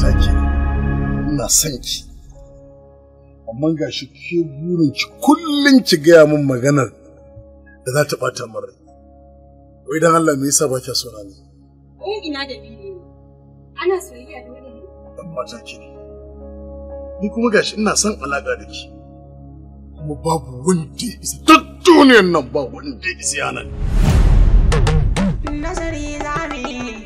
ta ke ina son ki amma ga shi ke burin ki ki gaya min maganar da za ta bata min rai wai dan Allah me yasa ba kya so ni ko ina da bibi ana soyayya dole ne dan mata ki ne ni kuma gashi ina son alaka da ki kuma babu wanda ya isa duk duniyar nan babu wanda ya isa yanan nazari zamu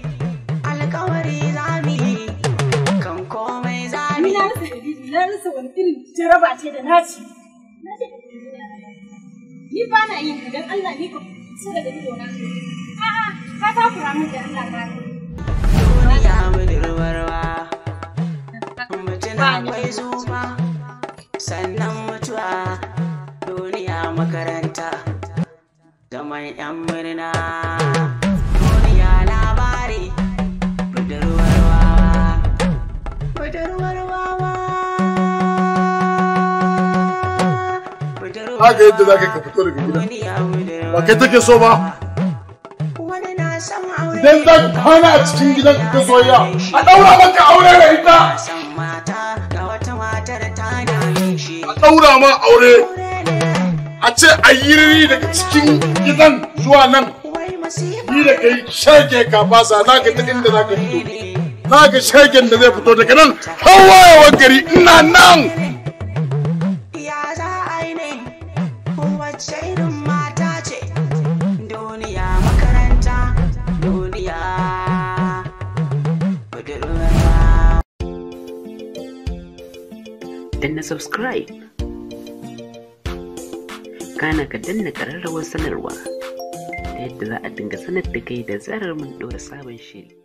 na rasa dalili na rasa wani irin jaraba ce da naci. Na ce Ni ba na yin ka don Allah ni ka kusa daga ido na. A'a ka takura min da Allah ka yi. Ya mini ruwarwa, mutum akwai sannan mutuwa duniya makaranta, zaman 'yan murna. haka yadda za ka fito daga gida ba kai take so ba idan za ka kwana a cikin gidan ta soyayya a ɗaura maka aure da ita a ɗaura ma aure a ce a yi daga cikin gidan zuwa nan ni da kai shage ka fasa na ga ta inda za ka fito na ga shagen da zai fito daga nan hawa yawan gari ina nan shaidun mata ce duniya makaranta duniya danna subscribe kana ka danna ƙararrawar sanarwa ta yadda za a dinga sanar da kai da zarar mun ɗora sabon shiri